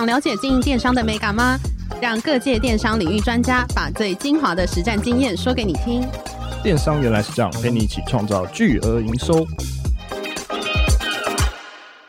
想了解經營電商的美感嗎？讓各界電商領域專家把最精華的實戰經驗說給你聽。電商原來是這樣，跟你一起創造巨額營收。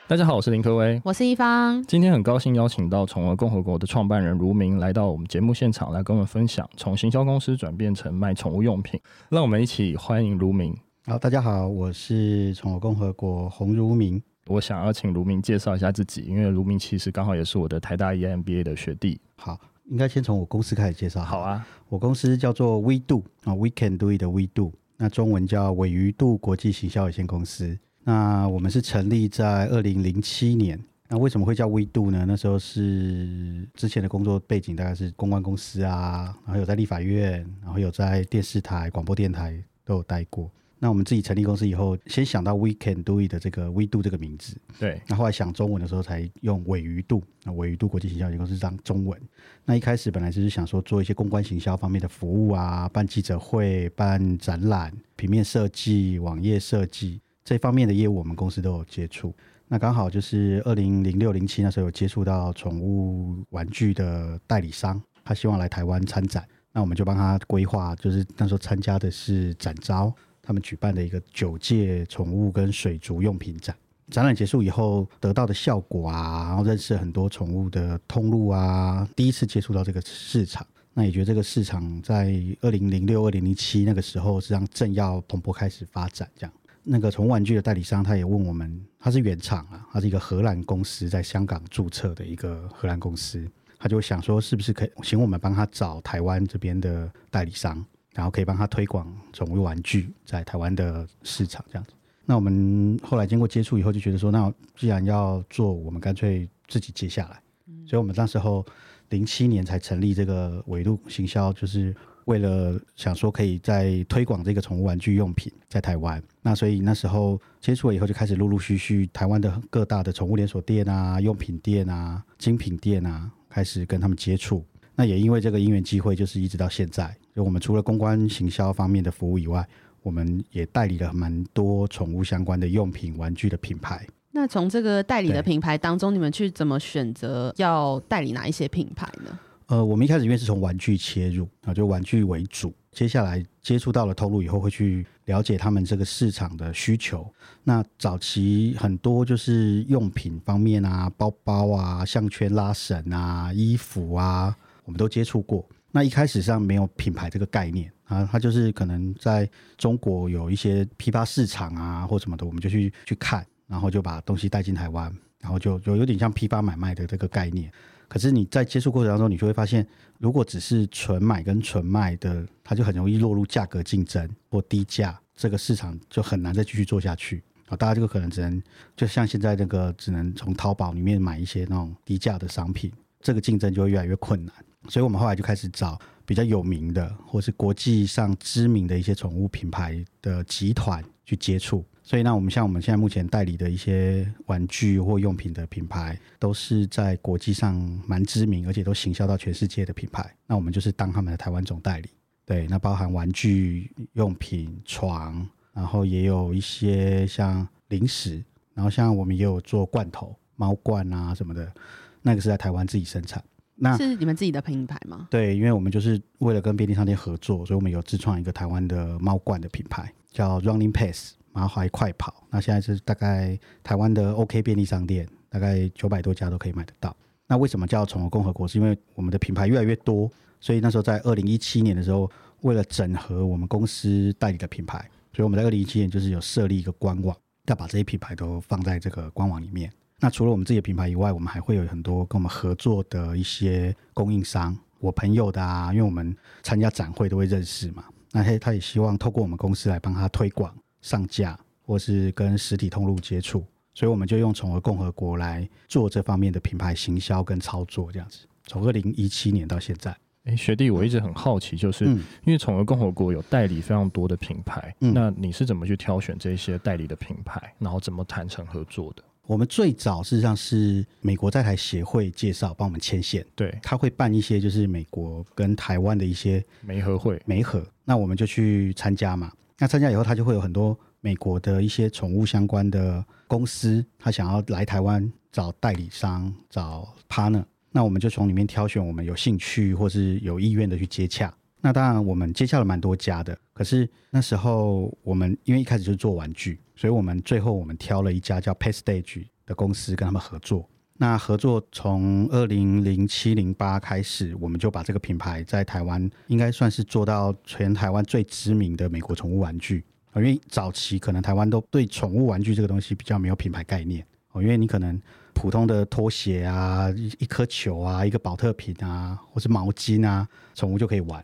大家好，我是林科威，我是一方。今天很高興邀請到寵兒共和國的創辦人儒明來到我們節目現場，來跟我們分享從行銷公司轉變成賣寵物用品。讓我們一起歡迎儒明。好，大家好，我是寵兒共和國洪儒明。我想要請儒明介紹一下自己，因為儒明其實剛好也是我的台大 EMBA 的學弟。好，應該先從我公司開始介紹。好啊，我公司叫做 We Do 啊、oh，We Can Do it 的 We Do，那中文叫偉餘度國際行銷有限公司。那我們是成立在二零零七年。那為什麼會叫 We Do 呢？那時候是之前的工作背景大概是公關公司啊，然後有在立法院，然後有在電視台、廣播電台都有待過。那我們自己成立公司以後，先想到 “We Can Do It” 的這個 “We Do” 這個名字，對。那後來想中文的時候，才用魚“尾魚度”。那“尾魚度”國際行銷有限公司，這張中文。那一開始本來就是想說做一些公關行銷方面的服務啊，辦記者會、辦展覽、平面設計、網頁設計這方面的業務，我們公司都有接觸。那剛好就是二零零六、零七那時候有接觸到寵物玩具的代理商，他希望來台灣參展，那我們就幫他規劃，就是那時候參加的是展昭他們舉辦的一個九屆寵物跟水族用品展，展覽結束以後得到的效果啊，然後認識很多寵物的通路啊，第一次接觸到這個市場，那也覺得這個市場在二零零六、二零零七那個時候實際上正要蓬勃開始發展。這樣，那個寵物玩具的代理商他也問我們，他是原廠啊，他是一個荷蘭公司在香港注冊的一個荷蘭公司，他就想說是不是可以請我們幫他找台灣這邊的代理商。然後可以幫他推廣寵物玩具在台灣的市場這樣子。那我們後來經過接觸以後，就覺得說，那既然要做，我們乾脆自己接下來。嗯、所以，我們那時候零七年才成立這個維度行銷，就是為了想說，可以再推廣這個寵物玩具用品在台灣。那所以那時候接觸了以後，就開始陸陸續續台灣的各大的寵物連鎖店啊、用品店啊、精品店啊，開始跟他們接觸。那也因為這個因緣機會，就是一直到現在。就我們除了公關行銷方面的服務以外，我們也代理了蠻多寵物相關的用品、玩具的品牌。那從這個代理的品牌當中，對你們去怎麼選擇要代理哪一些品牌呢？呃，我們一開始因為是從玩具切入啊，就玩具為主。接下來接觸到了通路以後，會去了解他們這個市場的需求。那早期很多就是用品方面啊，包包啊、項圈、拉繩啊、衣服啊，我們都接觸過。那一開始上沒有品牌這個概念啊，它就是可能在中國有一些批發市場啊或什麼的，我們就去去看，然後就把東西帶進台灣，然後就就有點像批發買賣的這個概念。可是你在接觸過程當中，你就會發現，如果只是純買跟純賣的，它就很容易落入價格競爭或低價，這個市場就很難再繼續做下去啊！大家就可能只能就像現在那個只能從淘寶裡面買一些那種低價的商品，這個競爭就會越來越困難。所以我們後來就開始找比較有名的，或是國際上知名的一些寵物品牌的集團去接觸。所以，那我們像我們現在目前代理的一些玩具或用品的品牌，都是在國際上蠻知名，而且都行銷到全世界的品牌。那我們就是當他們的台灣總代理。對，那包含玩具用品、床，然後也有一些像零食，然後像我們也有做罐頭，貓罐啊什麼的，那個是在台灣自己生產。那是你們自己的品牌嗎？對，因為我們就是為了跟便利商店合作，所以我們有自創一個台灣的貓罐的品牌，叫 Running Pass 麻花快跑。那現在是大概台灣的 OK 便利商店大概九百多家都可以買得到。那為什麼叫寵兒共和國？是因為我們的品牌越來越多，所以那時候在二零一七年的時候，為了整合我們公司代理的品牌，所以我們在二零一七年就是有設立一個官網，要把這些品牌都放在這個官網裡面。那除了我們自己的品牌以外，我們還會有很多跟我們合作的一些供應商，我朋友的啊，因為我們參加展會都會認識嘛。那他他也希望透過我們公司來幫他推廣、上架，或是跟實體通路接觸，所以我們就用寵兒共和國來做這方面的品牌行銷跟操作，這樣子。從二零一七年到現在，誒，學弟，我一直很好奇，就是、嗯、因為寵兒共和國有代理非常多的品牌，嗯、那你是怎麼去挑選這些代理的品牌，然後怎麼談成合作的？我們最早事實上是美國在台協會介紹幫我們牽線，對，他會辦一些就是美國跟台灣的一些媒合會、媒合，那我們就去參加嘛。那參加以後，他就會有很多美國的一些寵物相關的公司，他想要來台灣找代理商、找 partner，那我們就從裡面挑選我們有興趣或是有意願的去接洽。那當然，我們接下了蠻多家的，可是那時候我們因為一開始就是做玩具，所以我們最後我們挑了一家叫 Pastage 的公司跟他們合作。那合作從二零零七零八開始，我們就把這個品牌在台灣應該算是做到全台灣最知名的美國寵物玩具。因為早期可能台灣都對寵物玩具這個東西比較沒有品牌概念哦，因為你可能普通的拖鞋啊、一顆球啊、一個寶特瓶啊，或是毛巾啊，寵物就可以玩。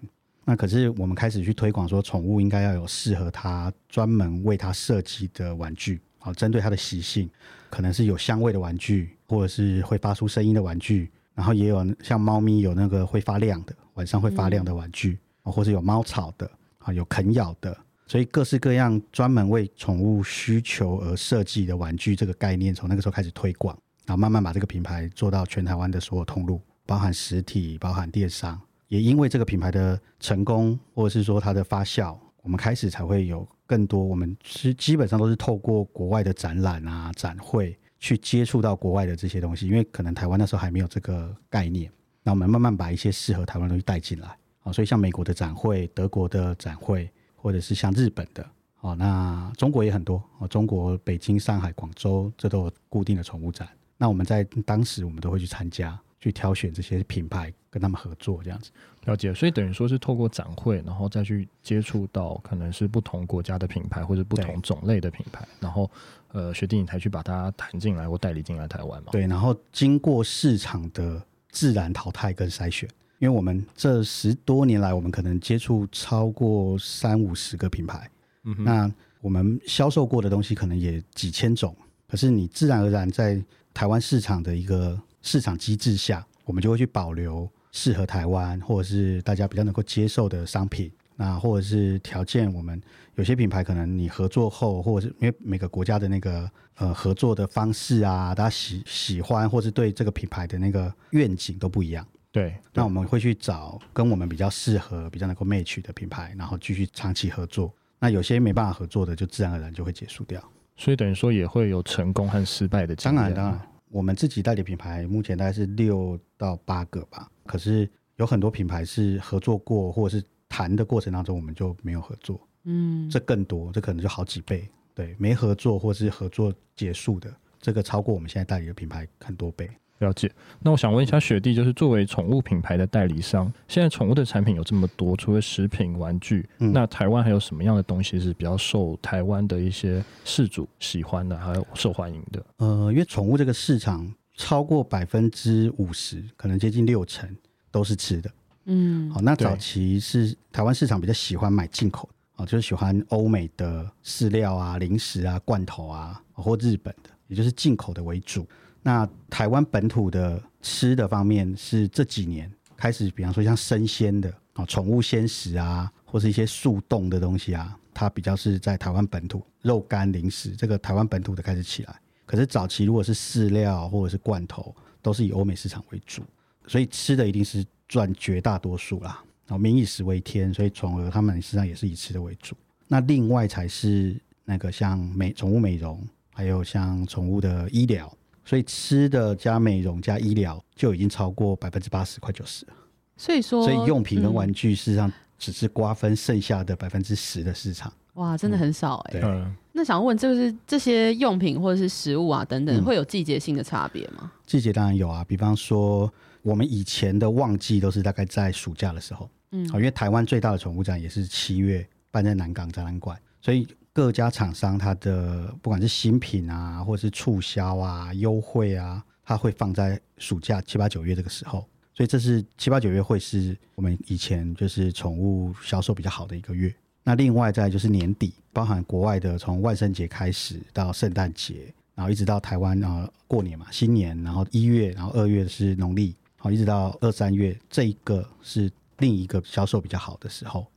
那可是我們開始去推廣說，寵物應該要有適合它專門為它設計的玩具啊，針對它的習性，可能是有香味的玩具，或者是會發出聲音的玩具，然後也有像貓咪有那個會發亮的，晚上會發亮的玩具，嗯，或者有貓草的啊，有啃咬的，所以各式各樣專門為寵物需求而設計的玩具這個概念，從那個時候開始推廣，然後慢慢把這個品牌做到全台灣的所有通路，包含實體，包含電商。也因為這個品牌的成功，或者是說它的發酵，我們開始才會有更多。我們是基本上都是透過國外的展覽啊、展會去接觸到國外的這些東西，因為可能台灣那時候還沒有這個概念。那我們慢慢把一些適合台灣的東西帶進來。啊。所以像美國的展會、德國的展會，或者是像日本的，啊，那中國也很多。哦，中國北京、上海、廣州這都有固定的寵物展。那我們在當時，我們都會去參加。去挑選這些品牌，跟他們合作這樣子，了解。所以等於說是透過展會，然後再去接觸到可能是不同國家的品牌，或者不同種類的品牌，對然後呃，學弟你才去把它談進來或代理進來台灣嘛。對，然後經過市場的自然淘汰跟篩選，因為我們這十多年來，我們可能接觸超過三五十個品牌，嗯哼，那我們銷售過的東西可能也幾千種，可是你自然而然在台灣市場的一個。市場機制下，我們就會去保留適合台灣或者是大家比較能夠接受的商品，那或者是條件，我們有些品牌可能你合作後，或者是因為每個國家的那個呃合作的方式啊，大家喜喜歡或是對這個品牌的那個願景都不一樣。對，那我們會去找跟我們比較適合、比較能夠 match 的品牌，然後繼續長期合作。那有些沒辦法合作的，就自然而然就會結束掉。所以等於說也會有成功和失敗的。當然，當然。我們自己代理品牌目前大概是六到八個吧，可是有很多品牌是合作過，或者是談的過程當中，我們就沒有合作，嗯，這更多，這可能就好幾倍，對，沒合作或是合作結束的，這個超過我們現在代理的品牌很多倍。了解，那我想問一下學弟，就是作為寵物品牌的代理商，現在寵物的產品有這麼多，除了食品、玩具，那台灣還有什麼樣的東西是比較受台灣的一些飼主喜歡的，還有受歡迎的？嗯、呃，因為寵物這個市場超過百分之五十，可能接近六成都是吃的。嗯、好、哦，那早期是台灣市場比較喜歡買進口的，啊、哦，就是喜歡歐美的飼料啊、零食啊、罐頭啊，或日本的，也就是進口的為主。那台灣本土的吃的方面是這幾年開始，比方說像生鮮的啊，寵物鮮食啊，或是一些速凍的東西啊，它比較是在台灣本土肉乾零食這個台灣本土的開始起來。可是早期如果是飼料或者是罐頭，都是以歐美市場為主，所以吃的一定是賺絕大多數啦。哦，民以食為天，所以寵物他們實際上也是以吃的為主。那另外才是那個像美寵物美容，還有像寵物的醫療。所以吃的加美容加醫療就已經超過百分之八十快九十了，所以說，所以用品跟玩具事實上只是瓜分剩下的百分之十的市場。嗯。哇，真的很少哎、欸。對，那想問，就是這些用品或者是食物啊等等，會有季節性的差別嗎？嗯、季節當然有啊，比方說我們以前的旺季都是大概在暑假的時候，嗯，因為台灣最大的寵物展也是七月辦在南港展覽館，所以。各家廠商它，的不管是新品啊，或者是促銷啊、優惠啊，它會放在暑假七八九月這個時候，所以這是七八九月會是我們以前就是寵物銷售比較好的一個月。那另外再就是年底，包含國外的從萬聖節開始到聖誕節，然後一直到台灣啊過年嘛，新年，然後一月，然後二月是農曆，好一直到二三月，這一個是另一個銷售比較好的時候。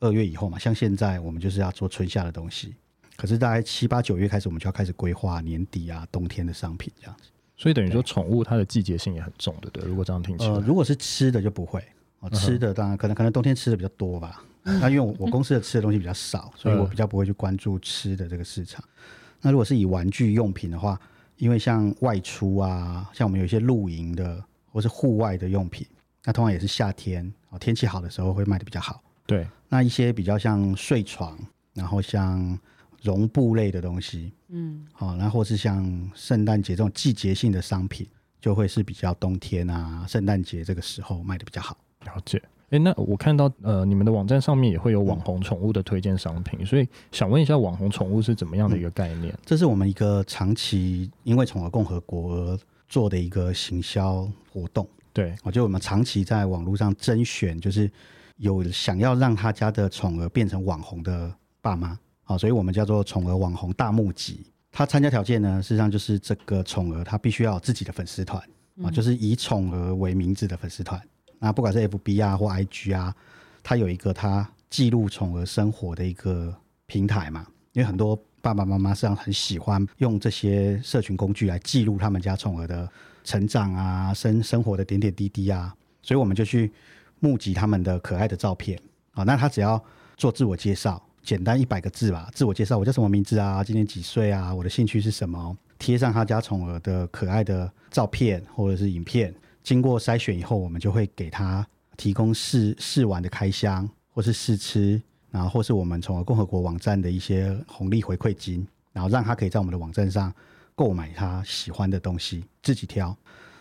二月以後嘛，像現在我們就是要做春夏的東西，可是大概七八九月開始，我們就要開始規劃年底啊冬天的商品這樣子。所以等於說，寵物它的季節性也很重的，對不對？如果這樣聽起來，呃、如果是吃的就不會，哦、吃的當然、嗯、哼可能可能冬天吃的比較多吧。那因為我我公司的吃的東西比較少， 所以我比較不會去關注吃的這個市場。嗯、那如果是以玩具用品的話，因為像外出啊，像我們有一些露營的或是戶外的用品，那通常也是夏天啊、哦、天氣好的時候會賣的比較好。對，那一些比較像睡床，然後像絨布類的東西，嗯，好、哦，然後是像聖誕節這種季節性的商品，就會是比較冬天啊，聖誕節這個時候賣得比較好。了解。哎、欸，那我看到呃，你們的網站上面也會有網紅寵物的推薦商品，嗯、所以想問一下，網紅寵物是怎麼樣的一個概念？嗯、這是我們一個長期因為寵兒共和國做的一個行銷活動。對，我覺得我們長期在網絡上甄選，就是。有想要讓他家的寵物變成網紅的爸媽啊，所以我們叫做“寵物網紅大募集”。他參加條件呢，事實上就是這個寵物他必須要有自己的粉絲團啊，就是以寵物為名字的粉絲團。嗯、那不管是 FB 啊或 IG 啊，他有一個他記錄寵物生活的一個平台嘛。因為很多爸爸媽媽實際上很喜歡用這些社群工具來記錄他們家寵物的成長啊、生生活的點點滴滴啊，所以我們就去。募集他們的可愛的照片啊，那他只要做自我介紹，簡單一百個字吧。自我介紹，我叫什麼名字啊？今年幾歲啊？我的興趣是什麼？貼上他家寵兒的可愛的照片或者是影片，經過篩選以後，我們就會給他提供試試玩的開箱，或是試吃，然後或是我們寵兒共和國網站的一些紅利回饋金，然後讓他可以在我們的網站上購買他喜歡的東西，自己挑。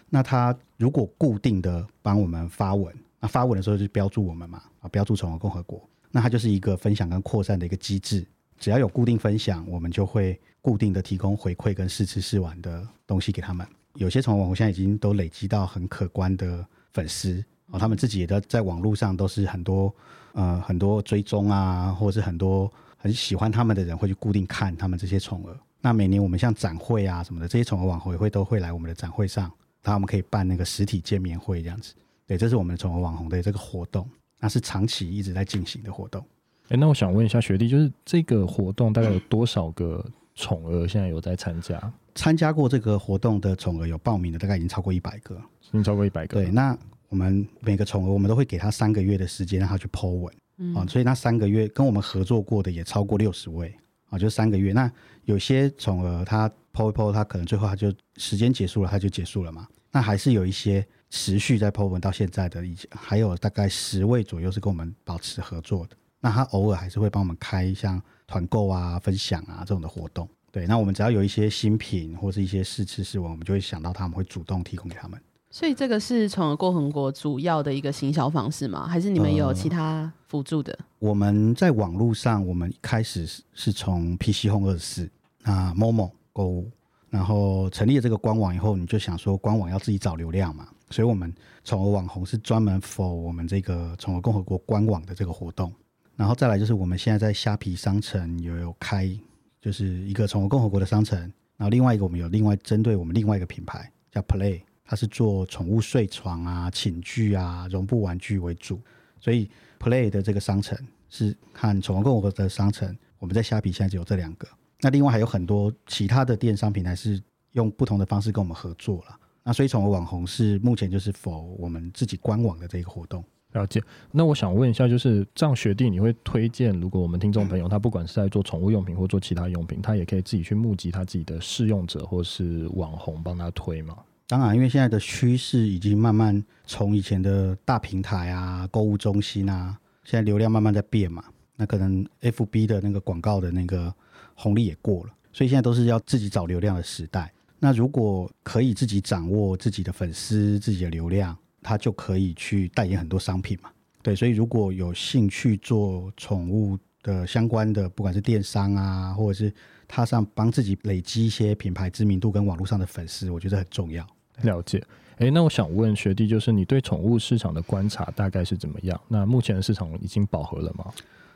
那他如果固定的幫我們發文。那發文的時候就標注我們嘛，啊，標注寵兒共和國。那它就是一個分享跟擴散的一個機制。只要有固定分享，我們就會固定的提供回饋跟試吃試玩的東西給他們。有些寵物網紅現在已經都累積到很可觀的粉絲啊、哦，他們自己也在在網絡上都是很多呃很多追蹤啊，或者是很多很喜歡他們的人會去固定看他們這些寵兒。那每年我們像展會啊什麼的，這些寵物網紅也會都會來我們的展會上，他們可以辦那個實體見面會這樣子。對，這是我們寵兒網紅的這個活動，那是長期一直在進行的活動誒。那我想問一下學弟，就是這個活動大概有多少個寵兒現在有在參加？參加過這個活動的寵兒有報名的，大概已經超過一百個，已經超過一百個。對，那我們每個寵兒，我們都會給他三個月的時間讓他去 po 文啊，所以那三個月跟我們合作過的也超過六十位啊、哦，就三個月。那有些寵兒他 po 一 po，他可能最後他就時間結束了，他就結束了嘛。那還是有一些。持續在 PO 文到現在的，一些，還有大概十位左右是跟我們保持合作的。那他偶爾還是會幫我們開像團購啊、分享啊這種的活動。對，那我們只要有一些新品或是一些試吃試玩，我們就會想到他們會，主動提供給他們。所以這個是從而寵兒共和國主要的一個行銷方式嗎？還是你們有其他輔助的？呃、我們在網絡上，我們一開始是從 PC Home 24、那 momo 購物，然後成立了這個官網以後，你就想說官網要自己找流量嘛？所以，我們寵物網紅是專門 for 我們這個寵兒共和國官網的這個活動。然後再來就是，我們現在在蝦皮商城有有開，就是一個寵兒共和國的商城。然後另外一個，我們有另外針對我們另外一個品牌叫 Play，它是做寵物睡床啊、寢具啊、絨布玩具為主。所以 Play 的這個商城是和寵兒共和國的商城，我們在蝦皮現在只有這兩個。那另外還有很多其他的電商平台是用不同的方式跟我們合作了。那所以寵物網紅是目前就是否我們自己官網的這個活動。了解。那我想問一下，就是這樣決定你會推薦，如果我們聽眾朋友他不管是在做寵物用品或做其他用品，他也可以自己去募集他自己的試用者或是網紅幫他推嗎、嗯？當然，因為現在的趨勢已經慢慢從以前的大平台啊、購物中心啊，現在流量慢慢在變嘛。那可能 FB 的那個廣告的那個紅利也過了，所以現在都是要自己找流量的時代。那如果可以自己掌握自己的粉絲、自己的流量，他就可以去代言很多商品嘛。對，所以如果有興趣做寵物的相關的，不管是電商啊，或者是他上幫自己累積一些品牌知名度跟網絡上的粉絲，我覺得很重要。了解。誒，那我想問學弟，就是你對寵物市場的觀察大概是怎麼樣？那目前的市場已經飽和了嗎？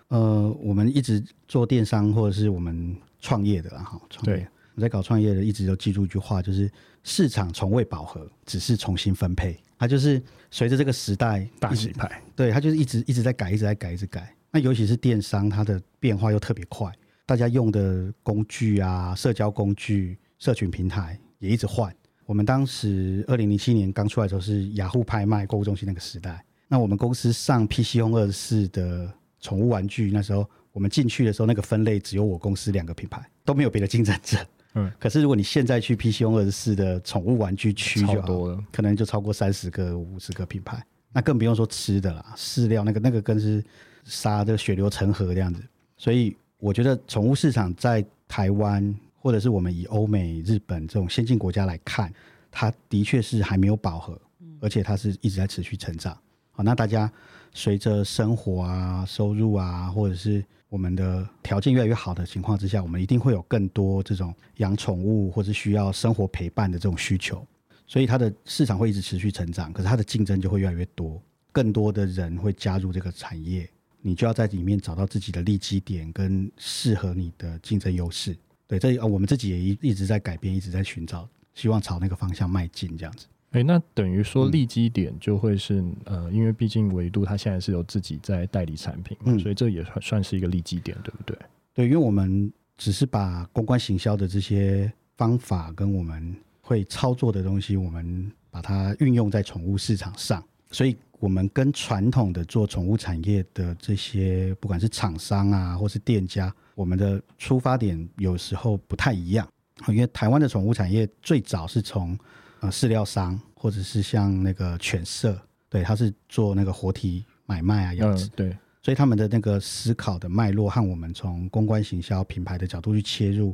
呃，我們一直做電商或者是我們創業的啊，哈，創業。我在搞創業的，一直都記住一句話，就是市場從未飽和，只是重新分配。它就是隨着這個時代大洗牌，對，它就是一直一直在改，一直在改，一直改。那尤其是電商，它的變化又特別快，大家用的工具啊、社交工具、社群平台也一直換。我們當時二零零七年剛出來的時候，是雅虎拍賣購物中心那個時代。那我們公司上 PChome 24的寵物玩具，那時候我們進去的時候，那個分類只有我公司兩個品牌，都沒有別的競爭者。嗯，可是如果你現在去 PChome 二四的寵物玩具區，就多了，可能就超過三十個、五十個品牌，那更不用說吃的啦，飼料那個那個更是殺的血流成河這樣子。所以我覺得寵物市場在台灣或者是我們以歐美、日本這種先進國家來看，它的確是還沒有飽和，而且它是一直在持續成長。好，那大家隨着生活啊、收入啊，或者是我們的條件越來越好的情況之下，我們一定會有更多這種養寵物或是需要生活陪伴的這種需求，所以它的市場會一直持續成長。可是它的競爭就會越來越多，更多的人會加入這個產業，你就要在裡面找到自己的利基點跟適合你的競爭優勢。對，這啊、哦，我們自己也一一直在改變，一直在尋找，希望朝那個方向邁進這樣子。誒、欸，那等於說利基點就會是、嗯、呃，因為畢竟 WEDO 它現在是有自己在代理產品，嗯，所以這也算算是一個利基點，對不對？對，因為我們只是把公關行銷的這些方法跟我們會操作的東西，我們把它運用在寵物市場上，所以我們跟傳統的做寵物產業的這些不管是廠商啊，或是店家，我們的出發點有時候不太一樣，因為台灣的寵物產業最早是從啊，呃、飼料商或者是像那個犬舍，對，他是做那個活體買賣啊樣子。嗯、對，所以他們的那個思考的脈絡和我們從公關、行銷、品牌的角度去切入，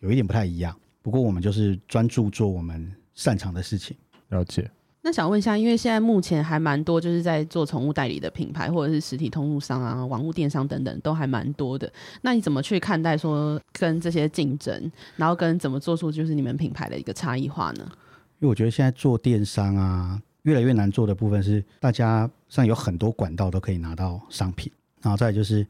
有一點不太一樣。不過我們就是專注做我們擅長的事情。了解。那想問一下，因為現在目前還蠻多，就是在做寵物代理的品牌，或者是實體通路商啊、網路電商等等，都還蠻多的。那你怎麼去看待說跟這些競爭，然後跟怎麼做出就是你們品牌的一個差異化呢？因為我覺得現在做電商啊，越來越難做的部分是，大家上有很多管道都可以拿到商品，然後再來就是，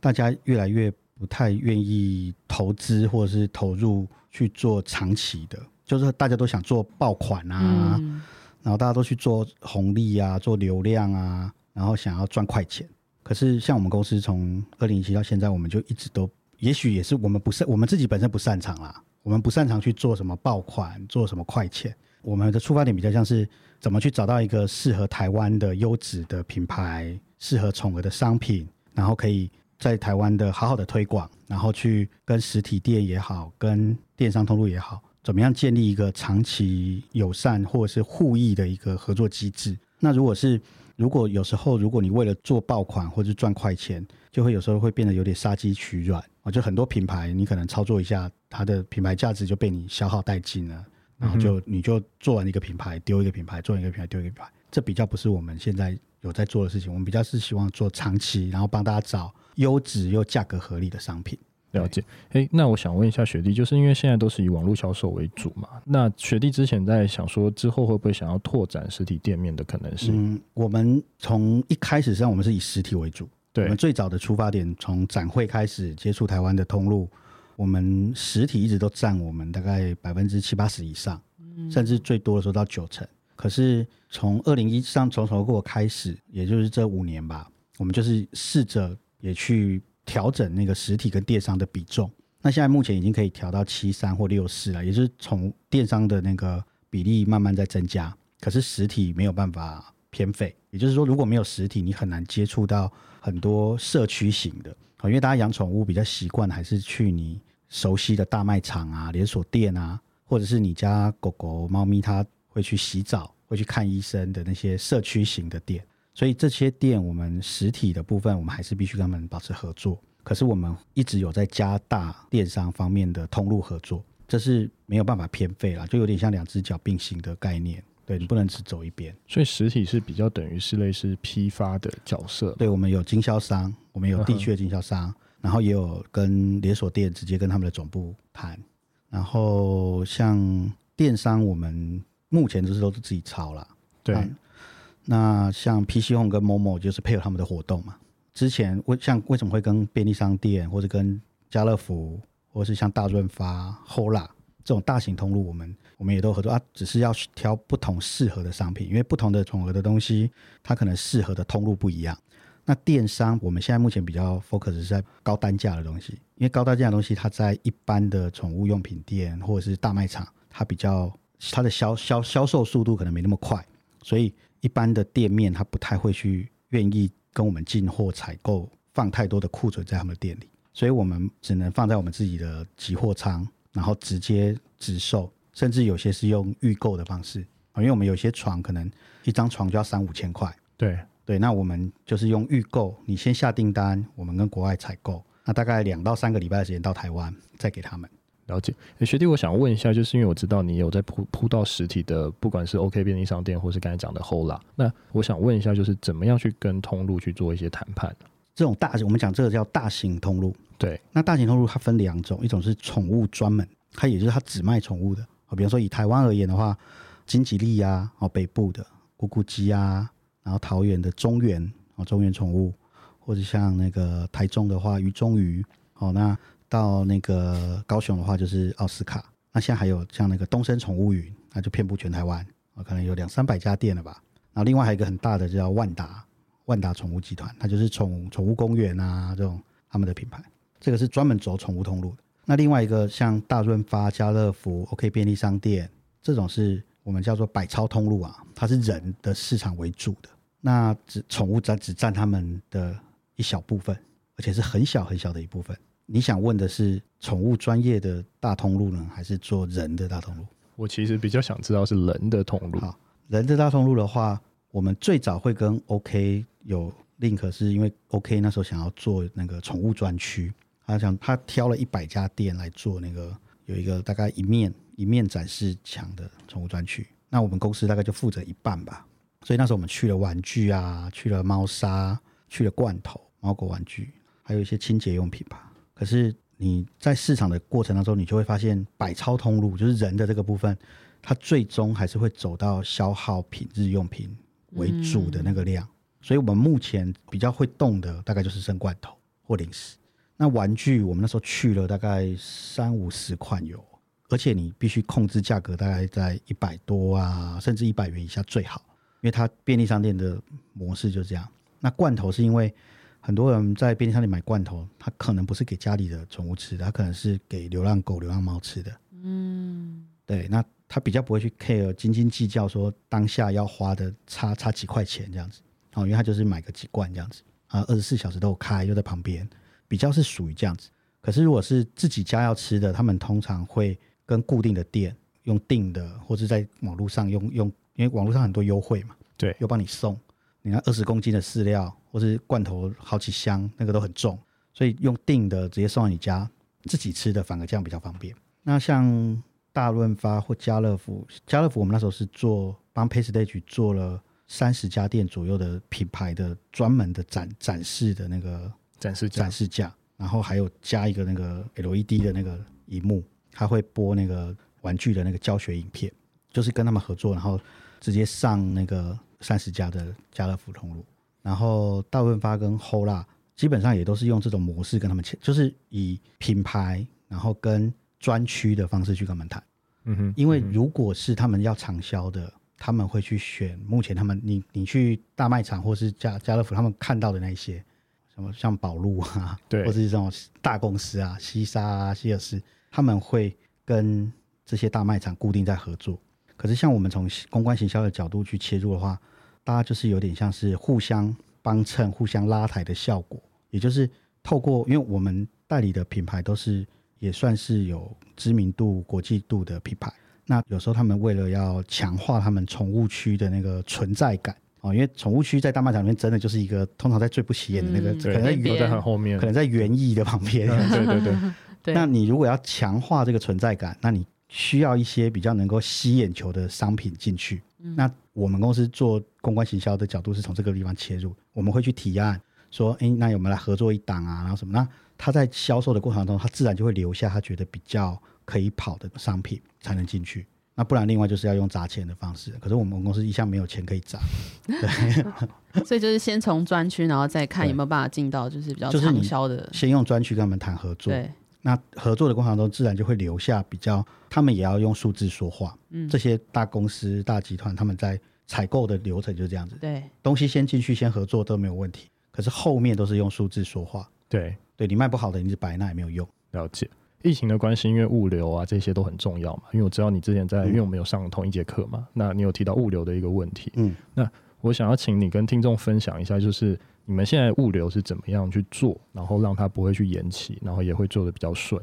大家越來越不太願意投資或者是投入去做長期的，就是大家都想做爆款啊，嗯、然後大家都去做紅利啊，做流量啊，然後想要賺快錢。可是像我們公司從二零一七到現在，我們就一直都，也許也是我們不擅，我們自己本身不擅長啦，我們不擅長去做什麼爆款，做什麼快錢。我們的出發點比較像是怎麼去找到一個適合台灣的優質的品牌，適合寵兒的商品，然後可以在台灣的好好的推廣，然後去跟實體店也好，跟電商通路也好，怎麼樣建立一個長期友善或者是互益的一個合作機制。那如果是如果有時候如果你為了做爆款或者是賺快錢，就會有時候會變得有點殺雞取卵啊，就很多品牌你可能操作一下，它的品牌價值就被你消耗殆盡了。然後就你就做完一個品牌丟一個品牌，做完一個品牌丟一個品牌，丟一個品牌，這比較不是我們現在有在做的事情。我們比較是希望做長期，然後幫大家找優質又價格合理的商品。了解。誒，那我想問一下學弟，就是因為現在都是以網絡銷售為主嘛？那學弟之前在想說，之後會不會想要拓展實體店面的可能性？嗯，我們從一開始實際上我們是以實體為主，對我們最早的出發點從展會開始接觸台灣的通路。我們實體一直都佔我們大概百分之七八十以上，甚至最多的時候到九成。嗯、可是從二零一三重頭過的開始，也就是這五年吧，我們就是試着也去調整那個實體跟電商的比重。那現在目前已經可以調到七三或六四了，也就是從電商的那個比例慢慢在增加。可是實體沒有辦法偏廢，也就是說，如果沒有實體，你很難接觸到很多社區型的，因為大家養寵物比較習慣還是去你。熟悉的大賣場啊、連鎖店啊，或者是你家狗狗、貓咪它會去洗澡、會去看醫生的那些社區型的店，所以這些店我們實體的部分，我們還是必須跟他們保持合作。可是我們一直有在加大電商方面的通路合作，這是沒有辦法偏廢啦，就有點像兩只腳並行的概念，對，你不能只走一邊。所以實體是比較等於是類似批發的角色，對，我們有經銷商，我們有地區的經銷商。呵呵然後也有跟連鎖店，直接跟他們的總部談，然後像電商，我們目前就是都是自己操啦。對、啊，那像 PC Home 跟 MOMO 就是配合他們的活動嘛。之前為像為什麼會跟便利商店，或者跟家樂福，或者是像大潤發、HOLA 這種大型通路，我們我們也都合作啊，只是要挑不同適合的商品，因為不同的寵物的東西，它可能適合的通路不一樣。那電商我們現在目前比較 focus 在高單價的東西，因為高單價的東西，它在一般的寵物用品店或者是大賣場，它比較它的銷銷銷售速度可能沒那麼快，所以一般的店面它不太會去願意跟我們進貨採購，放太多的庫存在他們的店裡，所以我們只能放在我們自己的集貨倉，然後直接直售，甚至有些是用預購的方式，啊、呃，因為我們有些床可能一張床就要三五千塊，對。對，那我們就是用預購，你先下訂單，我們跟國外採購，那大概兩到三個禮拜的時間到台灣，再給他們。了解。欸，學弟，我想問一下，就是因為我知道你有在鋪鋪到實體的，不管是 OK 便利商店，或是剛才講的 Hola，那我想問一下，就是怎麼樣去跟通路去做一些談判？這種大型，我們講這個叫大型通路。對，那大型通路它分兩種，一種是寵物專門，它也就是它只賣寵物的啊、哦，比方說以台灣而言的話，金吉利呀，哦，北部的咕咕雞啊。然後桃園的中原啊，中原寵物，或者像那個台中的話，魚中魚，哦，那到那個高雄的話就是奧斯卡。那現在還有像那個東森寵物雲，那就遍佈全台灣，可能有兩三百家店了吧。然後另外還有一個很大的叫萬達，萬達寵物集團，它就是寵物寵物公園啊這種他們的品牌，這個是專門走寵物通路的。那另外一個像大潤發、家樂福、OK 便利商店，這種是我們叫做百超通路啊，它是人的市場為主的。那只寵物展只佔他們的一小部分，而且是很小很小的一部分。你想問的是寵物專業的大通路呢，還是做人的大通路？我其實比較想知道是人的通路。好，人的大通路的話，我們最早會跟 OK 有 link，是因為 OK 那時候想要做那個寵物專區，他想他挑了一百家店來做那個有一個大概一面一面展示牆的寵物專區，那我們公司大概就負責一半吧。所以那時候我們去了玩具啊，去了貓砂，去了罐頭、貓狗玩具，還有一些清潔用品吧。可是你在市場的過程當中，你就會發現，百超通路就是人的這個部分，它最終還是會走到消耗品、日用品為主的那個量。嗯。所以我們目前比較會動的，大概就是剩罐頭或零食。那玩具我們那時候去了大概三五十款有，而且你必須控制價格，大概在一百多啊，甚至一百元以下最好。因為它便利商店的模式就是這樣。那罐頭是因為很多人在便利商店買罐頭，他可能不是給家裡的寵物吃的，他可能是給流浪狗、流浪貓吃的。嗯，對。那他比較不會去 care 斤斤計較，說當下要花的差差幾塊錢這樣子。哦，因為他就是買個幾罐這樣子啊，二十四小時都有開，又在旁邊，比較是屬於這樣子。可是如果是自己家要吃的，他們通常會跟固定的店用訂的，或者在網路上用用。因為網絡上很多優惠嘛，對，又幫你送。你看二十公斤的飼料或是罐頭，好幾箱，那個都很重，所以用訂的直接送到你家，自己吃的反而這樣比較方便。那像大潤發或家樂福，家樂福我們那時候是做幫 Petstages 做了三十家店左右的品牌的專門的展展示的那個展示展示架，然後還有加一個那個 LED 的那個熒幕，它會播那個玩具的那個教學影片，就是跟他們合作，然後，直接上那個三十家的家樂福通路，然後大潤發跟 Hola 基本上也都是用這種模式跟他們簽，就是以品牌然後跟專區的方式去跟他們談。嗯哼，因為如果是他們要暢銷的，他們會去選、嗯、哼目前他們你你去大賣場或是家家樂福他們看到的那一些，什麼像寶路啊，對，或者是這種大公司啊，西沙啊，希爾斯，他們會跟這些大賣場固定在合作。可是，像我們從公關行銷的角度去切入的話，大家就是有點像是互相幫襯、互相拉抬的效果。也就是透過，因為我們代理的品牌都是也算是有知名度、國際度的品牌。那有時候他們為了要強化他們寵物區的那個存在感哦，因為寵物區在大賣場裡面真的就是一個通常在最不起眼的那個，嗯、可能在，原在很後面，可能在園藝的旁邊、嗯。對對對。 那你如果要強化這個存在感，那你。需要一些比較能夠吸眼球的商品進去。嗯、那我們公司做公關行銷的角度是從這個地方切入，我們會去提案說：“哎、欸，那我們來合作一檔啊，然後什麼？”那他在銷售的過程中，他自然就會留下他覺得比較可以跑的商品才能進去。那不然，另外就是要用砸錢的方式。可是我們公司一向沒有錢可以砸，對。 所以就是先從專區，然後再看有沒有辦法進到就是比較暢銷的。就是、先用專區跟他們談合作。對。那合作的過程中，自然就會留下比較。他們也要用數字說話。嗯，這些大公司、大集團，他們在採購的流程就是這樣子。嗯、對，東西先進去，先合作都沒有問題。可是後面都是用數字說話。對，對，你賣不好的，你是擺那，也沒有用。了解。疫情的關係，因為物流啊這些都很重要嘛。因為我知道你之前在，嗯、因為我們有上同一節課嘛。那你有提到物流的一個問題。嗯。那我想要請你跟聽眾分享一下，就是。你們現在物流是怎麼樣去做，然後讓它不會去延期，然後也會做得比較順。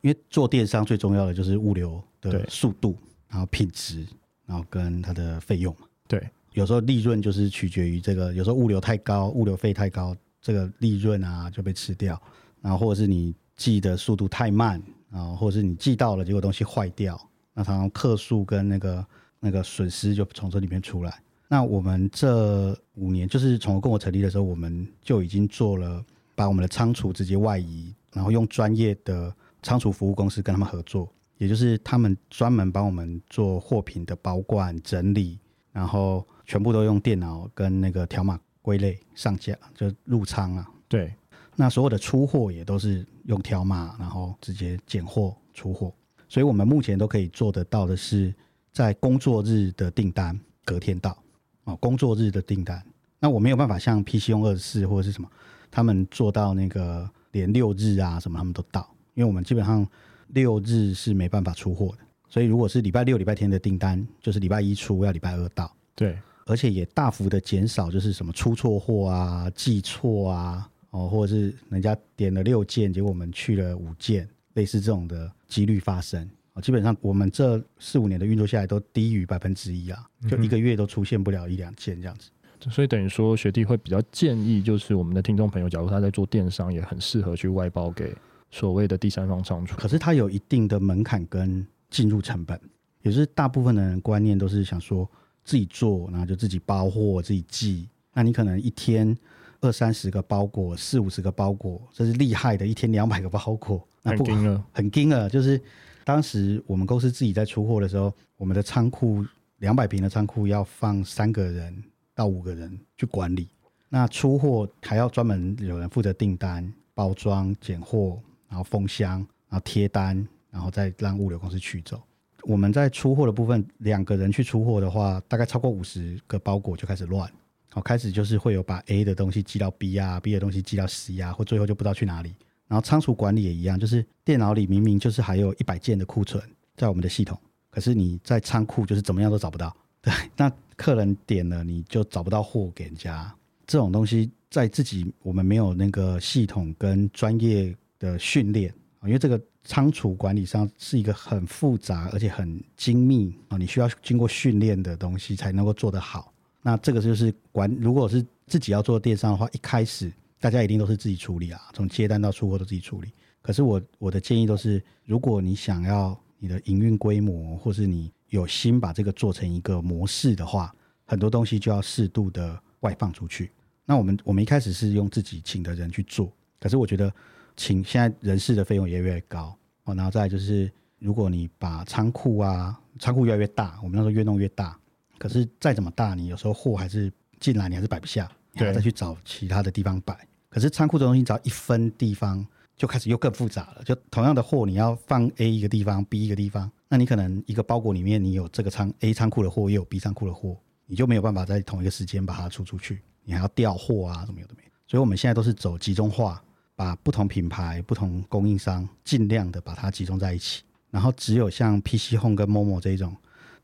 因為做電商最重要的就是物流的速度，對然後品質，然後跟它的費用嘛。對，有時候利潤就是取決於這個，有時候物流太高，物流費太高，這個利潤啊就被吃掉。然後或者是你寄的速度太慢，然後或者是你寄到了，結果東西壞掉，那常常客數跟那個那個損失就從這裡面出來。那我們這五年，就是從共和成立的時候，我們就已經做了把我們的倉儲直接外移，然後用專業的倉儲服務公司跟他們合作，也就是他們專門幫我們做貨品的保管、整理，然後全部都用電腦跟那個條碼歸類上架，就入倉啊。對。那所有的出貨也都是用條碼，然後直接揀貨出貨，所以我們目前都可以做得到的是，在工作日的訂單隔天到。哦，工作日的訂單，那我沒有辦法像 PChome 24或者是什麼，他們做到那個連六日啊什麼他們都到，因為我們基本上六日是沒辦法出貨的，所以如果是禮拜六、禮拜天的訂單，就是禮拜一出，要禮拜二到。對，而且也大幅的減少，就是什麼出錯貨啊、記錯啊，哦，或者是人家點了六件，結果我們去了五件，類似這種的幾率發生。基本上我們這四五年的運作下來都低於百分之一啊，就一個月都出現不了一兩件這樣子。嗯、所以等於說學弟會比較建議，就是我們的聽眾朋友，假如他在做電商，也很適合去外包給所謂的第三方倉儲。可是他有一定的門檻跟進入成本，也是大部分的人觀念都是想說自己做，然後就自己包貨自己寄。那你可能一天二三十個包裹，四五十個包裹，這是厲害的。一天兩百個包裹，那不很驚了，很驚了，就是。當時我們公司自己在出貨的時候，我們的倉庫兩百平的倉庫要放三個人到五個人去管理。那出貨還要專門有人負責訂單、包裝、揀貨，然後封箱，然後貼單，然後再讓物流公司取走。我們在出貨的部分，兩個人去出貨的話，大概超過五十個包裹就開始亂，好開始就是會有把 A 的東西寄到 B 啊，B 的東西寄到 C 啊，或最後就不知道去哪裡。然後倉儲管理也一樣，就是電腦裡明明就是還有一百件的庫存在我們的系統，可是你在倉庫就是怎麼樣都找不到。對，那客人點了你就找不到貨給人家，這種東西在自己我們沒有那個系統跟專業的訓練，因為這個倉儲管理上是一個很複雜而且很精密啊，你需要經過訓練的東西才能夠做得好。那這個就是管，如果是自己要做電商的話，一開始。大家一定都是自己處理啊，從接單到出貨都自己處理。可是我，我的建議都是，如果你想要你的營運規模，或是你有心把這個做成一個模式的話，很多東西就要適度的外放出去。那我們，我們一開始是用自己請的人去做，可是我覺得請現在人事的費用也越來越高哦。然後再就是，如果你把倉庫啊，倉庫越來越大，我們那時候越弄越大，可是再怎麼大，你有時候貨還是進來，你還是擺不下，你還要再去找其他的地方擺。可是倉庫的東西，只要一分地方就開始又更複雜了。就同樣的貨，你要放 A 一個地方，B 一個地方，那你可能一個包裹裡面你有這個倉 A 倉庫的貨，又有 B 倉庫的貨，你就沒有辦法在同一個時間把它出出去，你還要調貨啊，什麼有的沒有。所以我們現在都是走集中化，把不同品牌、不同供應商盡量的把它集中在一起。然後只有像 PC Home 跟 Momo 這一種，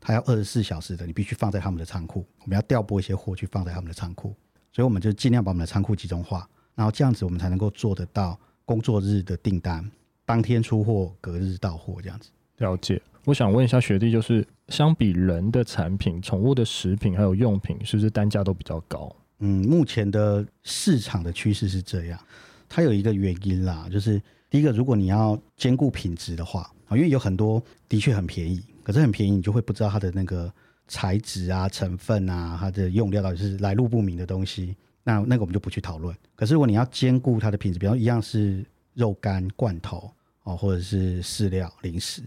它要二十四小時的，你必須放在他們的倉庫。我們要調撥一些貨去放在他們的倉庫，所以我們就盡量把我們的倉庫集中化。然後這樣子，我們才能夠做得到工作日的訂單，當天出貨，隔日到貨這樣子。了解。我想問一下學弟，就是相比人的產品，寵物的食品還有用品，是不是單價都比較高？嗯，目前的市場的趨勢是這樣。它有一個原因啦，就是第一個，如果你要兼顧品質的話，啊，因為有很多的確很便宜，可是很便宜，你就會不知道它的那個材質啊、成分啊、它的用料到底是來路不明的東西。那那個我們就不去討論。可是如果你要兼顧它的品質，比方，一樣是肉乾、罐頭哦，或者是飼料、零食。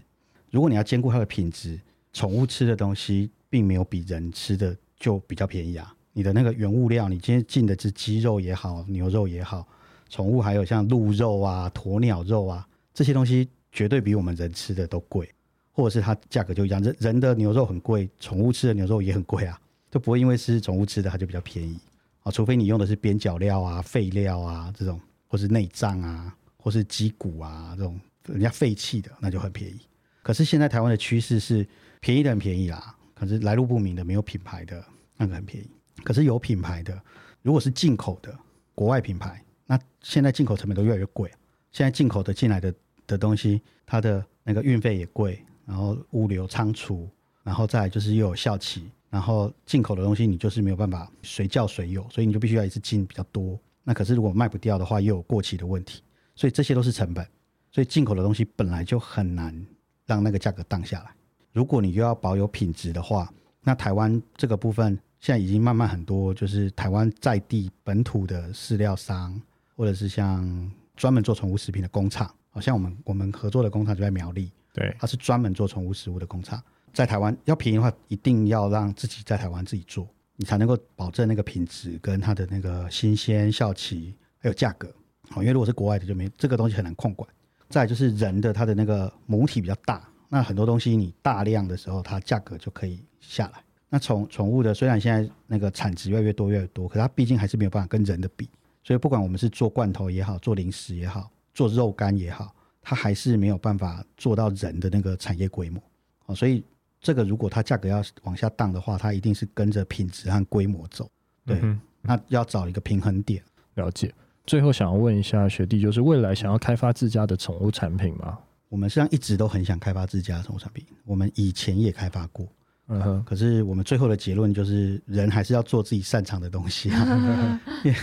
如果你要兼顧它的品質，寵物吃的東西並沒有比人吃的就比較便宜啊。你的那個原物料，你今天進的是雞肉也好、牛肉也好，寵物還有像鹿肉啊、鴕鳥肉啊這些東西，絕對比我們人吃的都貴，或者是它價格就一樣。人的牛肉很貴，寵物吃的牛肉也很貴啊，就不會因為是寵物吃的它就比較便宜。啊，除非你用的是邊角料啊、廢料啊這種，或是內臟啊、或是雞骨啊這種人家廢棄的，那就很便宜。可是現在台灣的趨勢是便宜的很便宜啦，可是來路不明的、沒有品牌的那個很便宜。可是有品牌的，如果是進口的國外品牌，那現在進口成本都越來越貴。現在進口的進來的的東西，它的那個運費也貴，然後物流倉儲，然後再就是又有效期。然後進口的東西你就是沒有辦法隨叫隨有，所以你就必須要一次進比較多。那可是如果賣不掉的話，又有過期的問題，所以這些都是成本。所以進口的東西本來就很難讓那個價格降下來。如果你又要保有品質的話，那台灣這個部分現在已經慢慢很多，就是台灣在地本土的飼料商，或者是像專門做寵物食品的工廠，好、哦、像我們我們合作的工廠就在苗栗，對，它是專門做寵物食物的工廠。在台灣要便宜的話，一定要讓自己在台灣自己做，你才能夠保證那個品質跟它的那個新鮮效期，還有價格。好，哦，因為如果是國外的就沒這個東西很難控管。再就是人的它的那個母體比較大，那很多東西你大量的時候，它價格就可以下來。那寵寵物的雖然現在那個產值越來越多越來越多，可是它畢竟還是沒有辦法跟人的比。所以不管我們是做罐頭也好，做零食也好，做肉乾也好，它還是沒有辦法做到人的那個產業規模，哦。所以。這個如果它價格要往下降的話，它一定是跟着品質和規模走。對，那、嗯、哼要找一個平衡點。了解。最後想要問一下學弟，就是未來想要開發自家的寵物產品嗎？我們實際上一直都很想開發自家的寵物產品，我們以前也開發過。嗯哼、啊，可是我們最後的結論就是，人還是要做自己擅長的東西、啊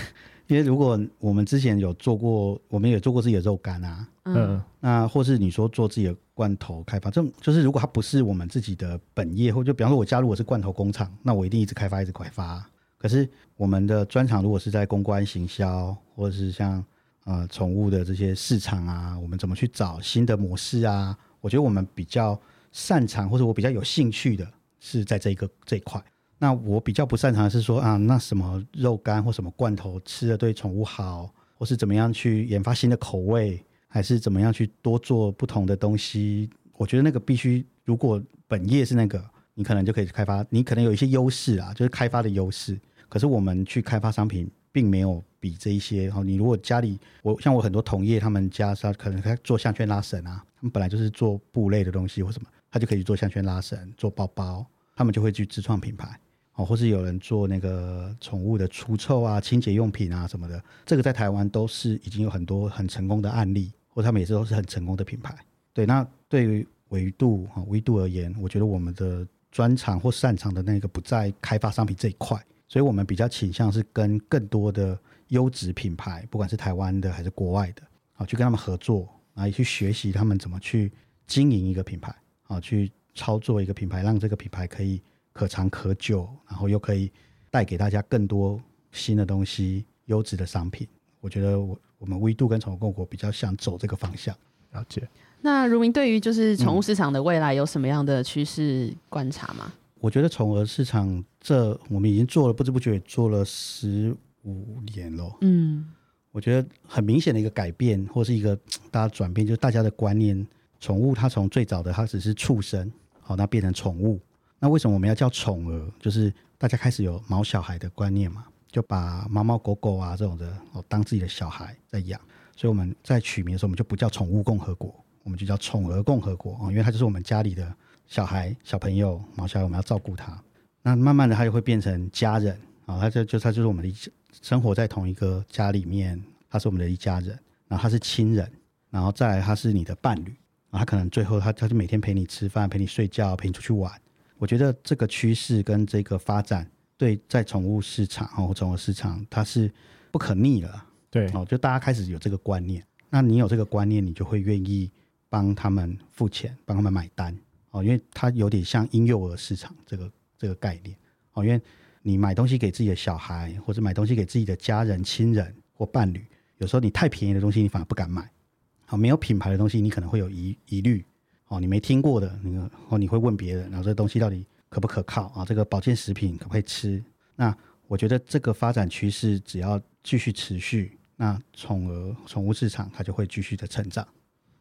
因為如果我們之前有做過，我們也做過自己的肉乾啊，嗯，那或是你說做自己的罐頭開發，這就是如果它不是我們自己的本業，或者就比方說我加入我是罐頭工廠，那我一定一直開發一直開發。可是我們的專長如果是在公關行銷，或者是像呃寵物的這些市場啊，我們怎麼去找新的模式啊？我覺得我們比較擅長，或者我比較有興趣的是在這一個這一塊。那我比較不擅長的是說啊，那什麼肉乾或什麼罐頭吃了對寵物好，或是怎麼樣去研發新的口味，還是怎麼樣去多做不同的東西？我覺得那個必須，如果本業是那個，你可能就可以開發，你可能有一些優勢啊，就是開發的優勢。可是我們去開發商品，並沒有比這一些好。你如果家裡，我像我很多同業他，他們家他可能他做項圈拉繩啊，他們本來就是做布類的東西或什麼，他就可以做項圈拉繩、做包包，他們就會去自創品牌。哦，或是有人做那個寵物的除臭啊、清潔用品啊什麼的，這個在台灣都是已經有很多很成功的案例，或他們也是都是很成功的品牌。對，那對於維度啊，維度而言，我覺得我們的專長或擅長的那個不在開發商品這一塊，所以我們比較傾向是跟更多的優質品牌，不管是台灣的還是國外的，好去跟他們合作，啊，也去學習他們怎麼去經營一個品牌，啊，去操作一個品牌，讓這個品牌可以。可長可久，然後又可以帶給大家更多新的東西、優質的商品。我覺得我我們 WeDo 跟寵兒共和國比較想走這個方向。了解。那儒明對於就是寵物市場的未來有什麼樣的趨勢觀察嗎？嗯、我覺得寵物市場這我們已經做了不知不覺也做了十五年了。嗯，我覺得很明顯的一個改變，或是一個大家轉變，就是大家的觀念，寵物它從最早的它只是畜生，好、哦，那變成寵物。那為什麼我們要叫寵兒？就是大家開始有毛小孩的觀念嘛，就把貓貓狗狗啊這種的哦當自己的小孩在養，所以我們在取名的時候，我們就不叫寵物共和國，我們就叫寵兒共和國啊、哦，因為它就是我們家裡的小孩、小朋友、毛小孩，我們要照顧它。那慢慢的，它就會變成家人啊，它、哦、就就它就是我們的一生活在同一個家裡面，它是我們的一家人，然後它是親人，然後再來它是你的伴侶啊，它可能最後它它就每天陪你吃飯，陪你睡覺，陪你出去玩。我覺得這個趨勢跟這個發展，對，在寵物市場哦，寵物市場它是不可逆了。對哦，就大家開始有這個觀念，那你有這個觀念，你就會願意幫他們付錢，幫他們買單。哦，因為它有點像嬰幼兒市場這個這個概念。哦，因為你買東西給自己的小孩，或者買東西給自己的家人、親人或伴侶，有時候你太便宜的東西，你反而不敢買。好，哦，沒有品牌的東西，你可能會有疑疑慮。哦，你沒聽過的，那個，哦，你會問別人，然後這東西到底可不可靠啊？這個保健食品可不可以吃？那我覺得這個發展趨勢只要繼續持續，那寵兒寵物市場它就會繼續的成長。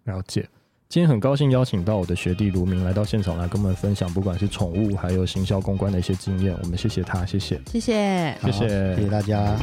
了解，今天很高興邀請到我的學弟儒明來到現場來跟我們分享，不管是寵物還有行銷公關的一些經驗。我們謝謝他，謝謝，謝謝，好謝謝，謝謝大家。